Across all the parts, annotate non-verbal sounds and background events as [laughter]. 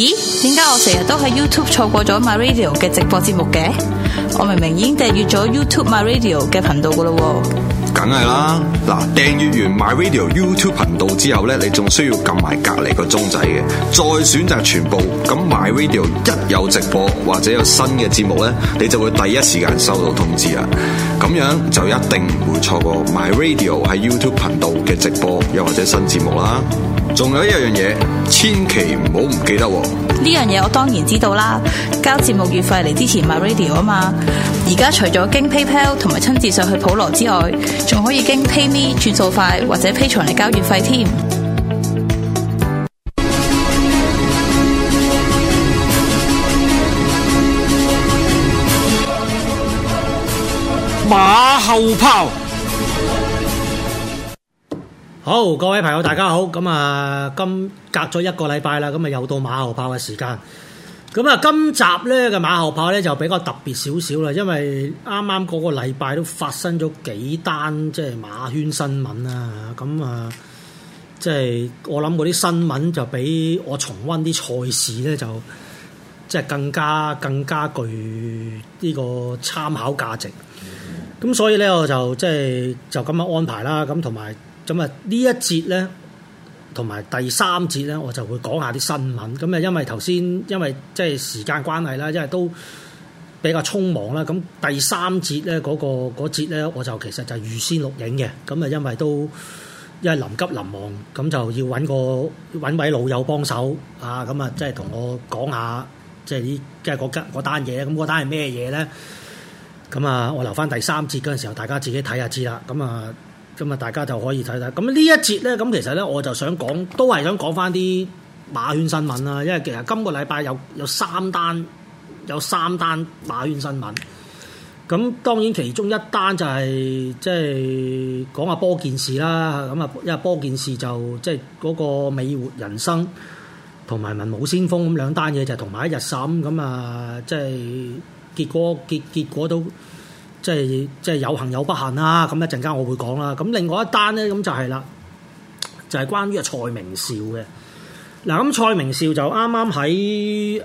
咦，點解我成日都喺 YouTube 錯過咗 My Radio 嘅直播節目嘅？我明明已經訂閱咗 YouTube My Radio 嘅頻道㗎喇喎，梗係啦。嗱，訂閱完 My Radio YouTube 頻道之後咧，你仲需要撳埋隔籬個鐘仔嘅，再選擇全部。咁 My Radio 一有直播或者有新嘅節目咧，你就會第一時間收到通知啦！咁樣就一定唔會錯過 My Radio 喺 YouTube 頻道嘅直播，又或者新節目啦。仲有一樣嘢，千祈唔好唔記得喎。呢樣嘢我當然知道啦，交節目月費嚟支持 My Radio 啊嘛。而家除咗經 PayPal 同埋親自上去普羅之外，仲可以經 PayMe 轉數快或者 Patreon 嚟交月費添。後炮，好，各位朋友，大家好。咁啊，今隔咗一個禮拜啦，咁啊又到馬後炮嘅時間。咁啊，今集呢嘅馬後炮呢，就比較特別少少啦，因為啱啱嗰個禮拜都發生咗幾單即係馬圈新聞啊。咁啊，嗯，即係我諗嗰啲新聞就比我重溫啲賽事呢，就即係更加更加具呢個參考價值。咁所以咧，我就即係就咁樣安排啦。咁同埋咁啊，呢一節咧，同埋第三節咧，我就會講下啲新聞。咁啊，因為頭先因為即係時間關係啦，即係都比較匆忙啦。咁第三節咧嗰個嗰節咧，我就其實就預先錄影嘅。咁啊，因為都因為臨急臨忙，咁就要揾個揾位老友幫手啊。咁、嗯、啊，即係同我講下，即係啲即係嗰單嘢。咁嗰單係咩嘢咧？咁啊、嗯，我留翻第三節嗰陣時候，大家自己睇下知啦。咁、嗯、啊，咁、嗯、啊、嗯，大家就可以睇睇。咁、嗯、呢一節咧，咁、嗯、其實咧，我就想講，都係想講翻啲馬圈新聞啦、啊。因為其實今個禮拜有有三單，有三單馬圈新聞。咁、嗯、當然其中一單就係即係講下波件事啦。咁啊，因為波件事就即係嗰個美活人生同埋文武先鋒咁兩單嘢就同埋一日審咁、嗯、啊，即、就、係、是。結果結結果都即係即係有幸有不幸啦。咁一陣間我會講啦。咁另外一單咧，咁就係啦，就係、是就是，關於蔡明紹嘅嗱。咁、啊、蔡明紹就啱啱喺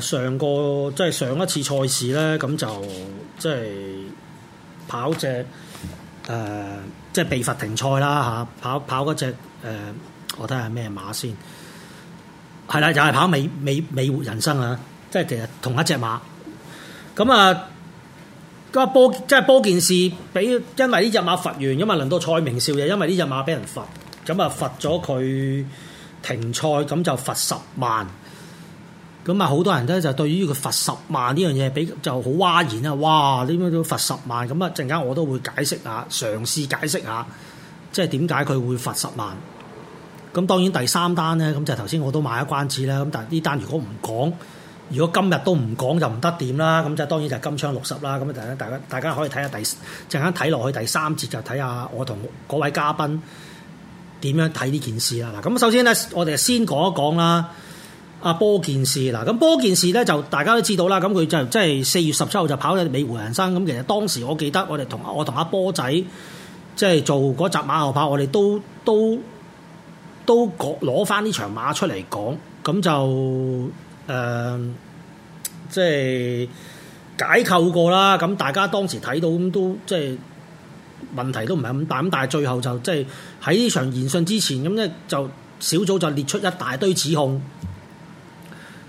誒上個即係上一次賽事咧，咁就即係跑隻誒、呃、即係被罰停賽啦嚇、啊。跑跑嗰隻誒，我睇下咩馬先係啦，就係、是，跑美美美活人生啊，即係其實同一隻馬。咁啊，個波即係波件事，比因為呢隻馬罰完，因為輪到蔡明少爺，因為呢隻馬俾人罰，咁啊罰咗佢停賽，咁就罰十萬。咁啊，好多人都就對於佢罰十萬呢樣嘢，比就好嘩然啊。哇！點解都罰十萬？咁啊陣間我都會解釋下，嘗試解釋下，即係點解佢會罰十萬。咁當然第三單咧，咁就頭先我都買咗關子啦。咁但係呢單如果唔講。如果今日都唔講就唔得掂啦，咁就係當然就金槍六十啦。咁啊，大家大家可以睇下第，陣間睇落去第三節就睇下我同嗰位嘉賓點樣睇呢件事啦。嗱，咁首先咧，我哋先講一講啦。阿波件事啦，咁波件事咧就大家都知道啦。咁佢就即係四月十七號就跑咗美湖人生。咁其實當時我記得我，我哋同我同阿波仔即係、就是、做嗰集馬後砲，我哋都都都攞攞返呢場馬出嚟講，咁就。誒、嗯，即係解構過啦，咁大家當時睇到咁都即係問題都唔係咁大，咁但係最後就即係喺呢場研訊之前，咁咧就小組就列出一大堆指控，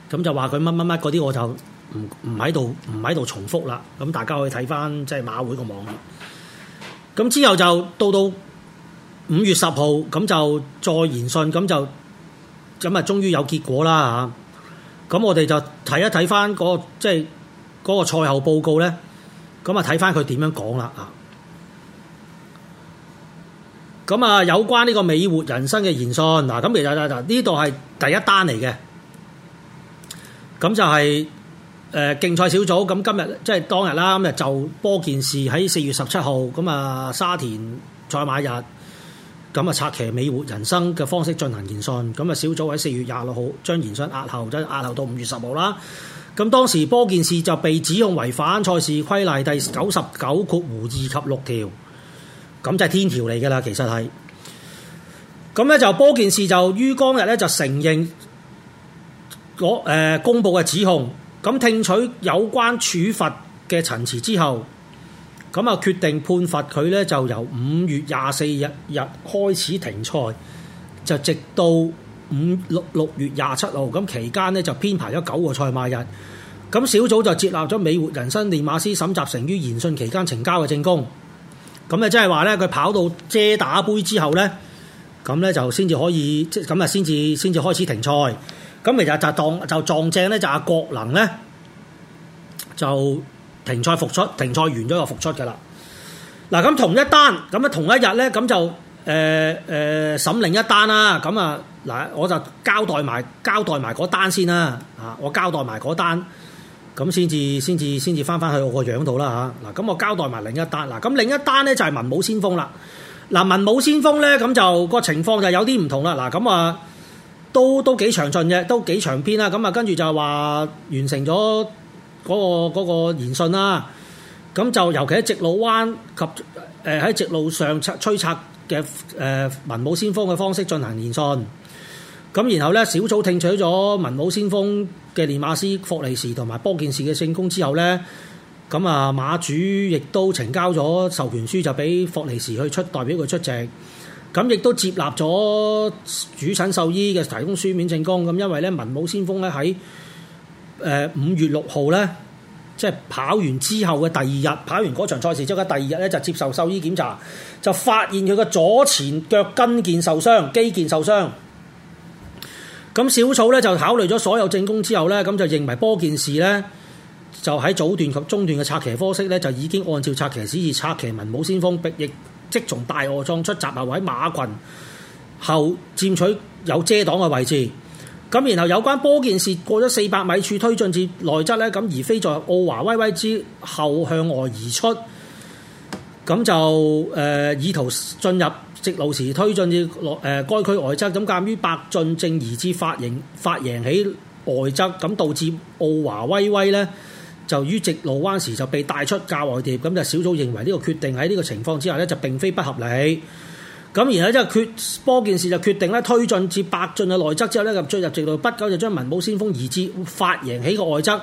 咁就話佢乜乜乜嗰啲，我就唔唔喺度，唔喺度重複啦。咁大家可以睇返即係馬會個網。咁之後就到到五月十號，咁就再研訊，咁就咁啊，就終於有結果啦嚇！啊。咁我哋就睇一睇翻嗰即係嗰個賽後報告咧，咁啊睇翻佢點樣講啦啊！咁啊有關呢個美活人生嘅言訊嗱，咁其實嗱，呢度係第一單嚟嘅，咁就係、是、誒、呃、競賽小組咁今日即係當日啦，今日就波件事喺四月十七號咁啊沙田賽馬日。咁啊，策騎美活人生嘅方式進行研訊，咁啊，小組喺四月廿六號將研訊押後，再押後到五月十號啦。咁當時波健士就被指控違反賽事規例第九十九括弧二及六條，咁就係天條嚟噶啦，其實係。咁咧就波健士就於當日咧就承認嗰公佈嘅指控，咁聽取有關處罰嘅陳詞之後。咁啊，決定判罰佢咧，就由五月廿四日日開始停賽，就直到五六六月廿七號。咁期間咧就編排咗九個賽馬日。咁小組就接納咗美活人生練馬師沈集成於研訊期間呈交嘅證供。咁啊，即係話咧，佢跑到遮打杯之後咧，咁咧就先至可以，即咁啊，先至先至開始停賽。咁其實就撞就撞正咧，就阿、啊、郭能咧就。停賽復出，停賽完咗又復出嘅啦。嗱，咁同一單，咁啊同一日咧，咁就誒誒、呃呃、審另一單啦。咁啊，嗱，我就交代埋交代埋嗰單先啦。啊，我交代埋嗰單，咁先至先至先至翻翻去我個樣度啦嚇。嗱，咁我交代埋另一單。嗱，咁另一單咧就係文武先鋒啦。嗱，文武先鋒咧，咁就、個情況就有啲唔同啦。嗱，咁啊，都都幾詳盡嘅，都幾長篇啦。咁啊，跟住就話完成咗。嗰、那個那個言訊啦，咁就尤其喺直路灣及誒喺，呃、直路上策催策嘅誒文武先鋒嘅方式進行言訊，咁然後咧小組聽取咗文武先鋒嘅練馬師、霍利時同埋波健士嘅證供之後咧，咁啊馬主亦都呈交咗授權書就俾霍利時去出代表佢出席，咁亦都接納咗主診獸醫嘅提供書面證供，咁因為咧文武先鋒咧喺五月六號呢，即係跑完之後嘅第二日，跑完嗰場賽事之後，咧第二日咧就接受獸醫檢查，就發現佢嘅左前腳筋腱受傷，肌腱受傷。咁小草咧就考慮咗所有證供之後呢，咁就認為波件事呢，就喺早段及中段嘅策騎方式呢，就已經按照策騎指示，策騎文武先鋒，亦即從大外莊出閘埋位馬群後佔取有遮擋嘅位置。咁然後有關波件事過咗四百米柱推進至內側呢，咁而非在奧華威威之後向外移出，咁就誒以圖進入直路時推進至落誒該區外側。咁鑑於白進正移至發贏發贏起外側，咁導致奧華威威呢，就於直路灣時就被帶出較外疊，咁就小組認為呢個決定喺呢個情況之下呢，就並非不合理。咁然後即係決波件事就決定咧，推進至八進嘅內側之後咧，就進入直道不久，就將文武先鋒移至發贏起嘅外側，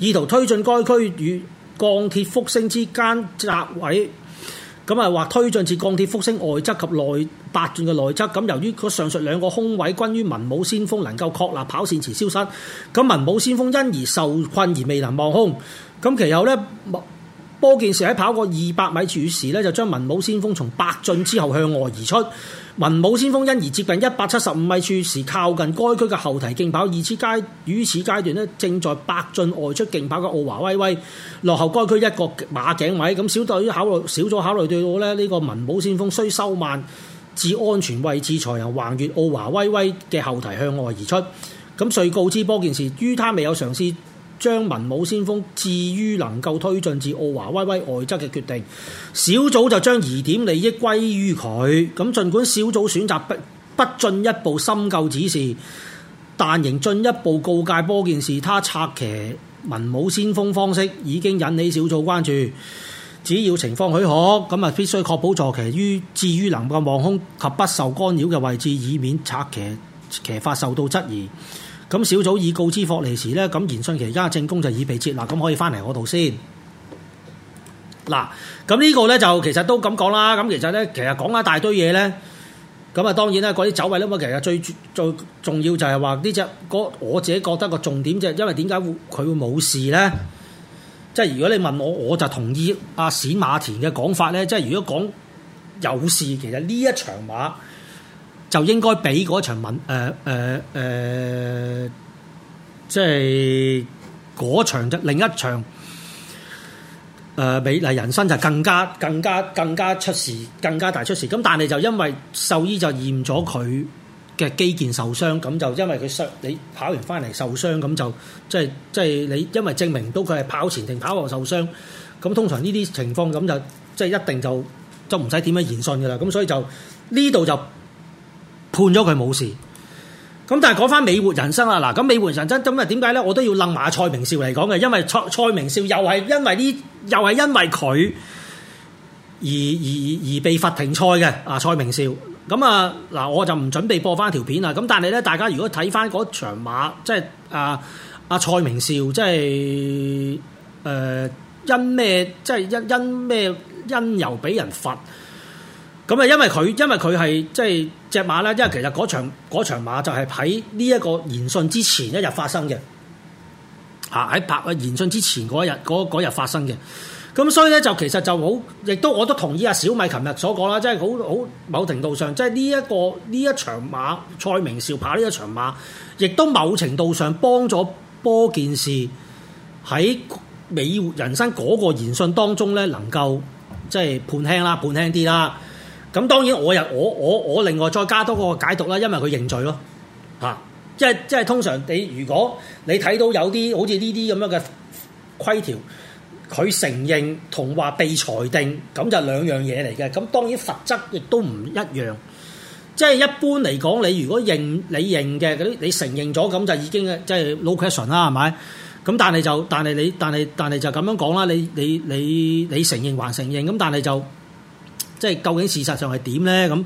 意圖推進該區與鋼鐵福星之間窄位。咁啊話推進至鋼鐵福星外側及內八進嘅內側。咁由於上述兩個空位均於文武先鋒能夠確立跑線前消失，咁文武先鋒因而受困而未能望空。咁其後咧。波件事喺跑過二百米處時咧，就將文武先鋒從百進之後向外而出。文武先鋒因而接近一百七十五米處時，靠近該區嘅後蹄競跑。二次階於此階段呢，正在百進外出競跑嘅奧華威威落後該區一個馬頸位。咁小隊考慮少咗考慮，對我咧呢個文武先鋒需收慢至安全位置，才能橫越奧華威威嘅後蹄向外而出。咁遂告知波件事，於他未有嘗試。將文武先鋒置於能夠推進至奧華威威外側嘅決定，小組就將疑點利益歸於佢。咁儘管小組選擇不不進一步深究指示，但仍進一步告誡波件事，他策騎文武先鋒方式已經引起小組關注。只要情況許可，咁啊必須確保坐騎於置於能夠望空及不受干擾嘅位置，以免策騎騎法受到質疑。咁小組已告知霍尼時咧，咁延信其而家政宮就已被撤，嗱咁可以翻嚟我度先。嗱，咁呢個咧就其實都咁講啦，咁其實咧其實講一大堆嘢咧，咁啊當然啦，嗰啲走位啦嘛，其實最最重要就係話呢隻我自己覺得個重點就係因為點解會佢會冇事咧？即係如果你問我，我就同意阿、啊、冼馬田嘅講法咧，即係如果講有事，其實呢一場馬。就應該比嗰場問誒誒即係嗰場另一場誒、呃、美麗人生就更加更加更加出事，更加大出事。咁但係就因為獸醫就驗咗佢嘅肌腱受傷，咁就因為佢摔你跑完翻嚟受傷，咁就即係即係你因為證明到佢係跑前定跑後受傷，咁通常呢啲情況咁就即係一定就就唔使點樣研訊㗎喇。咁所以就呢度就。判咗佢冇事，咁但係講翻美活人生啊！嗱，咁美活人生咁啊，點解咧？我都要擸埋阿蔡明少嚟講嘅，因為蔡蔡明少又係因為呢，又係因為佢而而而被罰停賽嘅啊！蔡明少，咁啊，嗱，我就唔準備播翻條片啊！咁但係咧，大家如果睇翻嗰場馬，即係阿阿蔡明少，即係誒因咩，即係因因咩因由俾人罰？咁啊，因為佢，因為佢係即係隻馬啦，因為其實嗰場嗰場馬就係喺呢一個聆訊之前一日發生嘅，嚇喺白聆訊之前嗰一日一日發生嘅。咁所以咧就其實就好，亦都我都同意阿小米琴日所講啦，即係好好某程度上，即係呢一個呢一場馬蔡明紹跑呢一場馬，亦都某程度上幫咗波件事喺美人生嗰個聆訊當中咧，能夠即係判輕啦，判輕啲啦。咁當然我又我我我另外再加多個解讀啦，因為佢認罪咯，嚇、啊！即係即係通常你如果你睇到有啲好似呢啲咁樣嘅規條，佢承認同話被裁定，咁就兩樣嘢嚟嘅。咁當然罰則亦都唔一樣。即係一般嚟講，你如果認你認嘅啲，你承認咗咁就已經即係 no question 啦，係咪？咁但係就但係你但係但係就咁樣講啦。你你你你，你承認還承認咁，但係就。即係究竟事實上係點咧？咁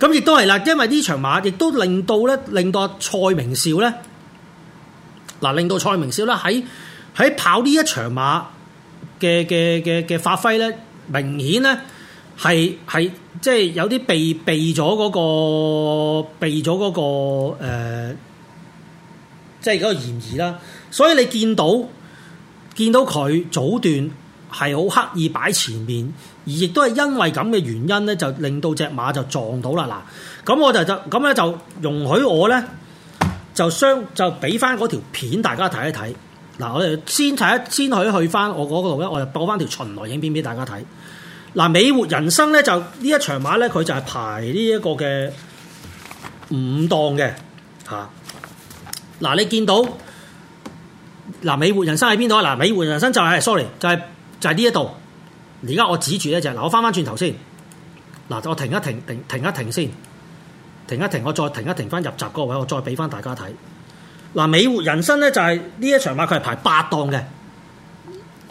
咁亦都係啦，因為呢場馬亦都令到咧，令到蔡明少咧。嗱，令到蔡明少咧喺喺跑呢一場馬嘅嘅嘅嘅發揮咧，明顯咧係係即係有啲避避咗嗰個避咗嗰個誒，即係嗰個嫌疑啦。所以你見到見到見到佢早段。係好刻意擺前面，而亦都係因為咁嘅原因咧，就令到隻馬就撞到啦嗱。咁我就就咁咧就容許我咧就相就俾翻嗰條片大家睇一睇嗱，我哋先睇先可以去翻我嗰個度咧，我就播翻條巡邏影片俾大家睇嗱。美活人生咧就呢一場馬咧，佢就係排呢一個嘅五檔嘅嚇嗱，你見到嗱美活人生喺邊度啊？嗱，美活人生就係、是、sorry 就係、是。就係呢一度，而家我指住呢隻嗱，我翻翻轉頭先，嗱我停一停，停停一停先，停一停，我再停一停翻入閘嗰位，我再俾翻大家睇。嗱，美活人生咧就係呢一場馬，佢係排八檔嘅，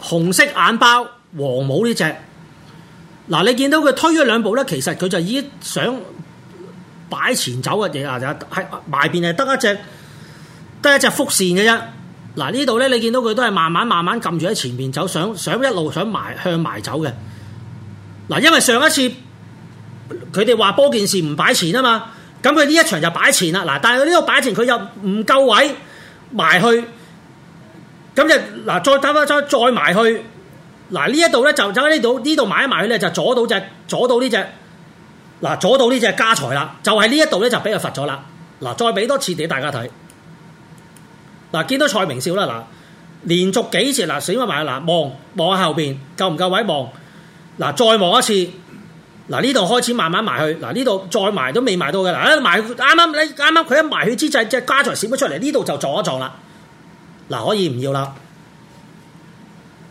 紅色眼包黃帽呢隻。嗱，你見到佢推咗兩步咧，其實佢就已經想擺前走嘅嘢啊！就係埋邊係得一隻，得一隻輻線嘅啫。嗱，呢度咧，你見到佢都係慢慢慢慢撳住喺前面走，想想一路想埋向埋走嘅。嗱，因為上一次佢哋話波件事唔擺前啊嘛，咁佢呢一場就擺前啦。嗱，但係佢呢度擺前，佢又唔夠位埋去，咁就嗱再打翻再再，再埋去。嗱，呢一度咧就走喺呢度，呢度埋一埋咧就阻到隻阻到呢隻嗱阻到呢隻加財啦。就係呢一度咧就俾佢罰咗啦。嗱，再俾多次俾大家睇。嗱，見到蔡明少啦，嗱，連續幾次嗱，死埋埋啦，望望下後邊夠唔夠位望，嗱，再望一次，嗱，呢度開始慢慢埋去，嗱，呢度再埋都未埋到嘅，嗱、啊，埋啱啱你啱啱佢一埋去之際，即係家財閃咗出嚟，呢度就撞一撞啦，嗱、啊，可以唔要啦，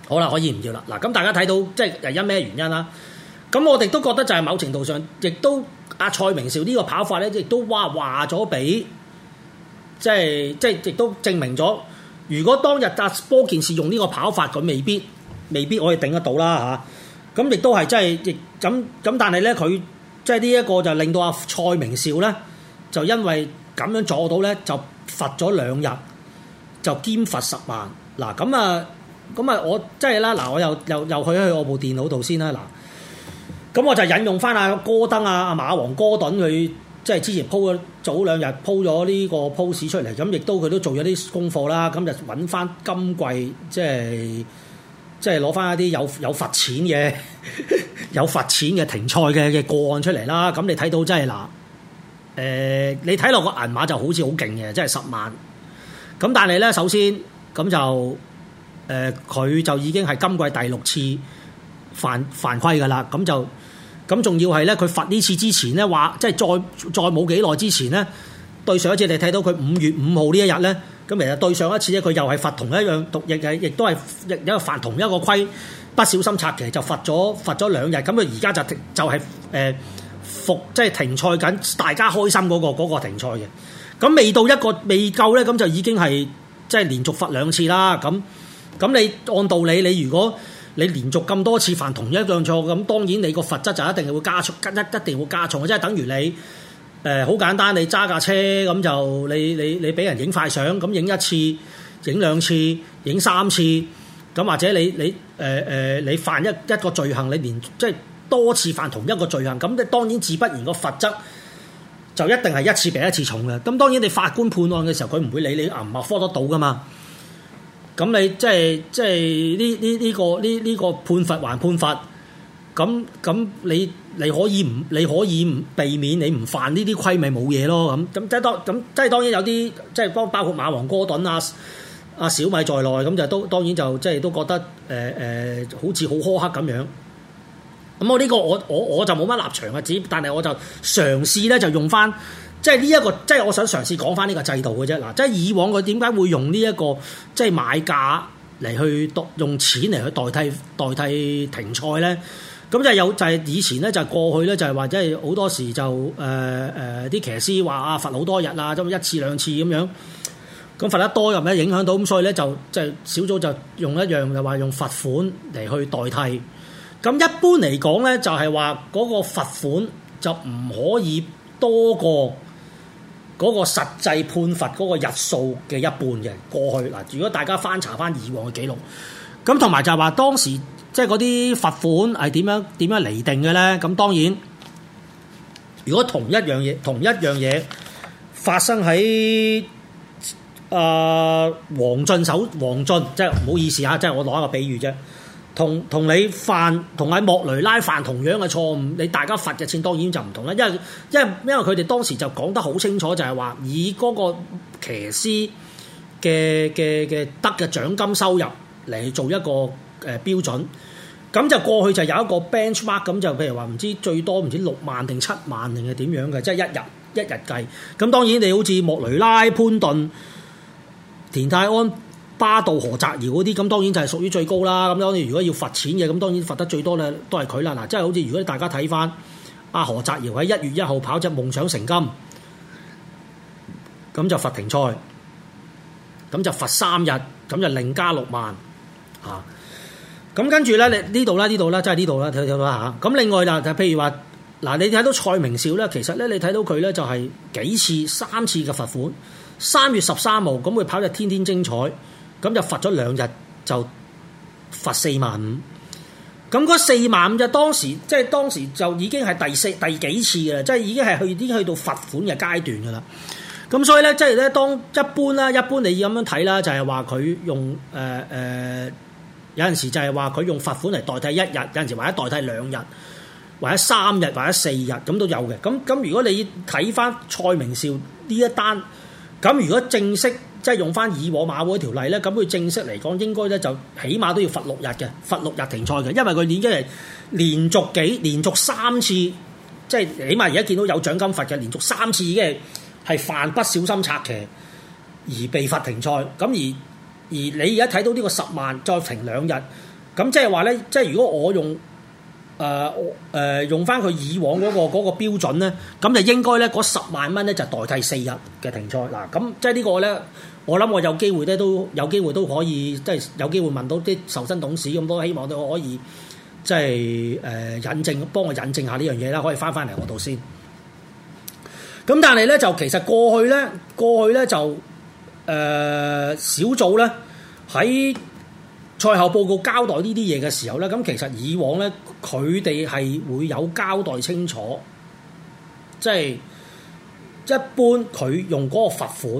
好啦，可以唔要啦，嗱、啊，咁大家睇到即係因咩原因啦，咁、啊、我哋都覺得就係某程度上，亦都阿蔡明少呢個跑法咧，亦都哇話咗俾。即係即係，亦都證明咗。如果當日打波件事用呢個跑法，佢未必未必可以頂得到啦嚇。咁亦都係即係，亦咁咁。但係咧，佢即係呢一個就令到阿蔡明紹咧，就因為咁樣阻到咧，就罰咗兩日，就兼罰十萬。嗱咁啊咁啊，啊，我即係啦嗱，我又又又，又去喺我部電腦度先啦嗱。咁、啊啊、我就引用返阿哥登啊，阿馬王哥頓佢。去即係之前 po 咗早兩日 po 咗呢個 post 出嚟，咁亦都佢都做咗啲功課啦。咁就揾翻今季即係即係攞翻一啲有有罰錢嘅 [laughs] 有罰錢嘅停賽嘅嘅個案出嚟啦。咁你睇到真係嗱，誒、呃、你睇落個銀碼就好似好勁嘅，即係十萬。咁但係咧，首先咁就誒佢、呃、就已經係今季第六次犯犯規㗎啦。咁就咁仲要係咧，佢罰呢次之前咧話，即係再再冇幾耐之前咧，對上一次你睇到佢五月五號呢一日咧，咁其實對上一次咧，佢又係罰同一樣亦都係亦罰同一個規，不小心拆其實就罰咗罰咗兩日，咁佢而家就係、就係誒服，即、呃、係、就係、停賽緊，大家開心嗰、嗰個嗰個停賽嘅。咁未到一個未夠咧，咁就已經係即係連續罰兩次啦。咁咁你按道理你如果你連續咁多次犯同一樣錯，咁當然你個罰則就一定係會加重，一一定會加重，即係等於你呃、好簡單，你揸架車咁就你你你俾人影快相，咁影一次、影兩次、影三次，咁或者你你誒誒、呃、你犯一一個罪行，你連即係多次犯同一個罪行，咁你當然自不然個罰則就一定係一次比一次重嘅。咁當然你法官判案嘅時候，佢唔會理你唔咪科得到噶嘛。咁你即係即係呢呢呢個呢呢、呢個、呢個呢個呢個、判罰還判罰，咁咁你你可以唔你可以唔避免你唔犯呢啲規咪冇嘢咯。咁咁即係當咁即係當然有啲即係包包括馬王哥頓啊阿、啊、小米在內咁就都當然就即係都覺得誒誒、呃呃、好似好苛刻咁樣。咁我呢、呢個我我我就冇乜立場嘅，指，但係我就嘗試咧就用翻。即係呢一個，即係我想嘗試講翻呢個制度嘅啫。嗱，即係以往佢點解會用呢一個即係買價嚟去用錢嚟去代替代替停賽呢？咁就係有就係以前呢，就係過去呢，就係話即係好多時就誒誒啲騎師話啊罰好多日啊，咁一次兩次咁樣。咁罰得多又咪影響到，咁所以呢，就即係小組就用一樣就話用罰款嚟去代替。咁一般嚟講呢，就係話嗰個罰款就唔可以多過嗰個實際判罰嗰個日數嘅一半嘅。過去嗱，如果大家翻查翻以往嘅記錄，咁同埋就係話當時即係嗰啲罰款係點樣點樣嚟定嘅咧？咁當然，如果同一樣嘢同一樣嘢發生喺啊黃俊手黃俊，即係唔好意思吓，即係我攞一個比喻啫。同同你犯同阿莫雷拉犯同樣嘅錯誤，你大家罰嘅錢當然就唔同啦。因為因為因為佢哋當時就講得好清楚就，就係話以嗰個騎師嘅嘅嘅得嘅獎金收入嚟做一個誒、呃、標準。咁就過去就有一個 benchmark，咁就譬如話唔知最多唔知六萬定七萬定係點樣嘅，即、就、係、是、一日一日計。咁當然你好似莫雷拉、潘頓、田泰安。巴道何澤堯嗰啲咁，當然就係屬於最高啦。咁當然，如果要罰錢嘅，咁當然罰得最多咧，都係佢啦。嗱，即係好似如果大家睇返阿何澤堯喺一月一號跑隻夢想成金，咁就罰停賽，咁就罰三日，咁就另加六萬嚇。咁、啊、跟住咧，你呢度啦，呢度啦，即係呢度啦，睇睇啦嚇。咁另外嗱，譬如話嗱，你睇到蔡明少咧，其實咧，你睇到佢咧就係、是、幾次、三次嘅罰款。三月十三號咁佢跑隻天天精彩。咁就罰咗兩日，就罰四萬五。咁嗰四萬五就當時，即係當時就已經係第四、第幾次嘅啦，即係已經係去，已經去到罰款嘅階段嘅啦。咁所以咧，即係咧，當一般啦，一般你要咁樣睇啦，就係話佢用誒誒、呃呃、有陣時就係話佢用罰款嚟代替一日，有陣時或者代替兩日，或者三日或者四日咁都有嘅。咁咁如果你睇翻蔡明少呢一單。咁如果正式即係用翻以往馬會條例呢，咁佢正式嚟講應該呢，就起碼都要罰六日嘅，罰六日停賽嘅，因為佢已經係連續幾、連續三次，即係起碼而家見到有獎金罰嘅，連續三次已經係係犯不小心策騎而被罰停賽，咁而而你而家睇到呢個十萬再停兩日，咁即係話呢，即係如果我用。誒誒、呃呃、用翻佢以往嗰、嗰個嗰、嗰個標準咧，咁就應該咧，嗰十萬蚊咧就代替四日嘅停賽嗱，咁即係呢個咧，我諗我有機會咧都有機會都可以，即係有機會問到啲受薪董事，咁都希望都可以即係誒、呃、引證，幫我引證下呢樣嘢啦，可以翻翻嚟我度先。咁但係咧，就其實過去咧，過去咧就誒、呃、小組咧喺。賽後報告交代呢啲嘢嘅時候呢，咁其實以往呢，佢哋係會有交代清楚，即係一般佢用嗰個罰款，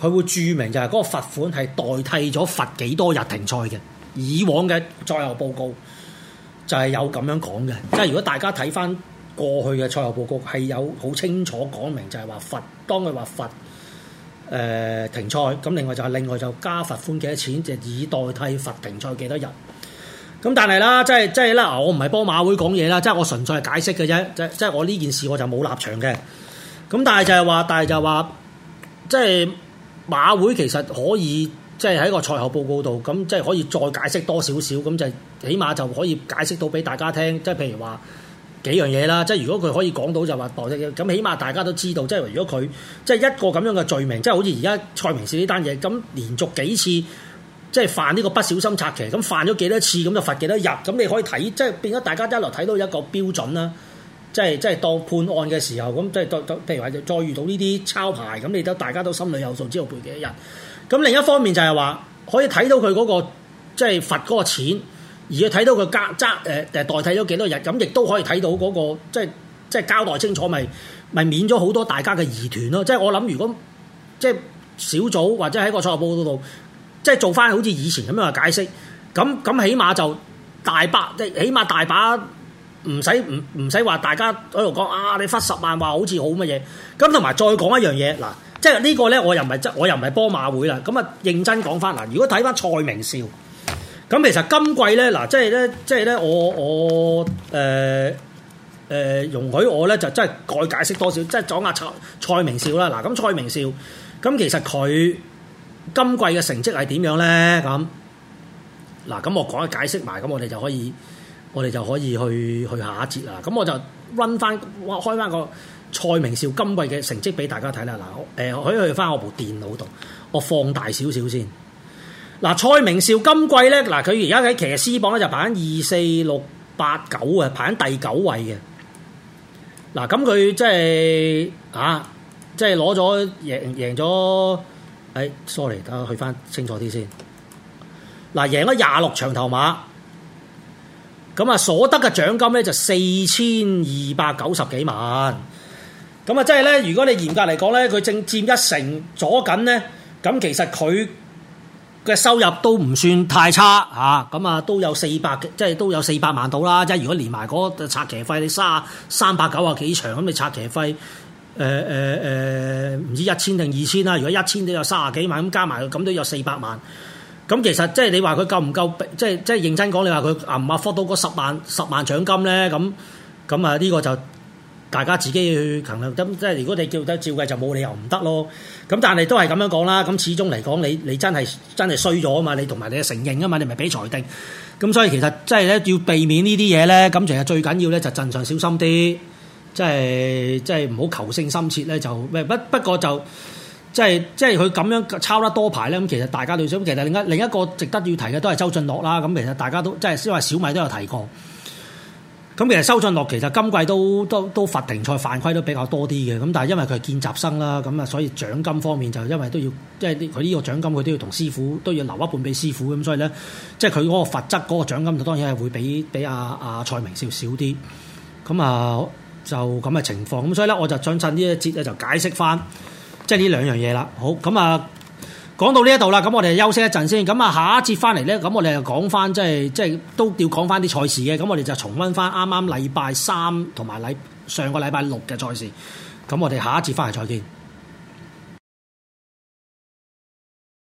佢會註明就係嗰個罰款係代替咗罰幾多日停賽嘅。以往嘅賽後報告就係有咁樣講嘅，即係如果大家睇翻過去嘅賽後報告，係有好清楚講明就係話罰當佢話罰。誒、呃、停賽，咁另外就係、係、另外就加罰款幾多錢，就以代替罰停賽幾多日。咁但係啦，即係即係啦，我唔係幫馬會講嘢啦，即、就、係、係、我純粹係解釋嘅啫。即即係我呢件事我就冇立場嘅。咁但係就係話，但係就話，即係、就係、馬會其實可以即係喺個賽後報告度，咁即係可以再解釋多少少，咁就起碼就可以解釋到俾大家聽。即、就、係、係、譬如話。幾樣嘢啦，即係如果佢可以講到就話代咁，起碼大家都知道，即係如果佢即係一個咁樣嘅罪名，即係好似而家蔡明紹呢單嘢，咁連續幾次即係犯呢個不小心策騎，咁犯咗幾多次，咁就罰幾多日，咁你可以睇，即係變咗大家一來睇到一個標準啦，即係即係當判案嘅時候，咁即係譬如話再遇到呢啲抄牌，咁你都大家都心裏有數，知道判幾多日。咁另一方面就係話可以睇到佢嗰個即係罰嗰個錢。而佢睇到佢加揸誒誒代替咗幾多日，咁亦都可以睇到嗰個即係即係交代清楚，咪咪免咗好多大家嘅疑團咯。即係我諗，如果即係小組或者喺個賽後報告度，即係做翻好似以前咁樣嘅解釋，咁咁起碼就大把，即係起碼大把唔使唔唔使話大家喺度講啊！你發十萬話好似好乜嘢？咁同埋再講一樣嘢嗱，即係呢個咧，我又唔係我又唔係波馬會啦。咁啊，認真講翻啦。如果睇翻蔡明少。咁其實今季咧，嗱，即係咧，即係咧，我我誒誒、呃呃、容許我咧，就真、是、係再解釋多少，即係掌握蔡蔡明少啦。嗱，咁蔡明少，咁其實佢今季嘅成績係點樣咧？咁嗱，咁我講解釋埋，咁我哋就可以，我哋就可以去去下一節啦。咁我就 run 翻開翻個蔡明少今季嘅成績俾大家睇啦。嗱，誒可以去翻我部電腦度，我放大少少先。嗱，蔡明紹今季咧，嗱，佢而家喺騎師榜咧就排喺二四六八九啊，排喺第九位嘅。嗱、啊，咁佢即係啊，即係攞咗贏贏咗，誒、哎、sorry，等我去翻清楚啲先。嗱、啊，贏咗廿六場頭馬，咁啊所得嘅獎金咧就四千二百九十幾萬，咁啊即係咧，如果你嚴格嚟講咧，佢正佔一成咗緊咧，咁其實佢。嘅收入都唔算太差嚇，咁啊都有四百，即係都有四百萬到啦。即係如果連埋嗰拆騎費，你卅三百九啊幾場，咁你拆騎費，誒誒誒，唔、呃、知一千定二千啦。2000，如果一千都有卅幾萬，咁加埋咁都有四百萬。咁其實即係你話佢夠唔夠？即係即係認真講，你話佢銀啊 fall 到個十萬十萬獎金咧？咁咁啊呢個就～大家自己去衡量，咁即係如果你叫得照計就冇理由唔得咯。咁但係都係咁樣講啦。咁始終嚟講，你你真係真係衰咗啊嘛！你同埋你係承認啊嘛，你咪俾裁定。咁所以其實即係咧，要避免呢啲嘢咧，咁其實最緊要咧就盡量小心啲，即係即係唔好求勝心切咧就。不不過就即係即係佢咁樣抄得多排咧，咁其實大家對想，其實另一另一個值得要提嘅都係周俊樂啦。咁其實大家都即係因為小米都有提過。咁其實收進落其實今季都都都罰停賽犯規都比較多啲嘅。咁但係因為佢係見習生啦，咁啊所以獎金方面就因為都要即係佢呢個獎金佢都要同師傅都要留一半俾師傅咁。所以咧即係佢嗰個罰則嗰個獎金就當然係會比比阿、啊、阿、啊、蔡明少少啲。咁啊就咁嘅情況，咁所以咧我就想趁呢一節咧就解釋翻即係呢兩樣嘢啦。好，咁啊。講到呢度啦，咁我哋休息一陣先。咁啊，下一節翻嚟咧，咁我哋就講翻，即係，即係，都要講翻啲賽事嘅。咁我哋就重溫翻啱啱禮拜三同埋禮上個禮拜六嘅賽事。咁我哋下一節翻嚟再見。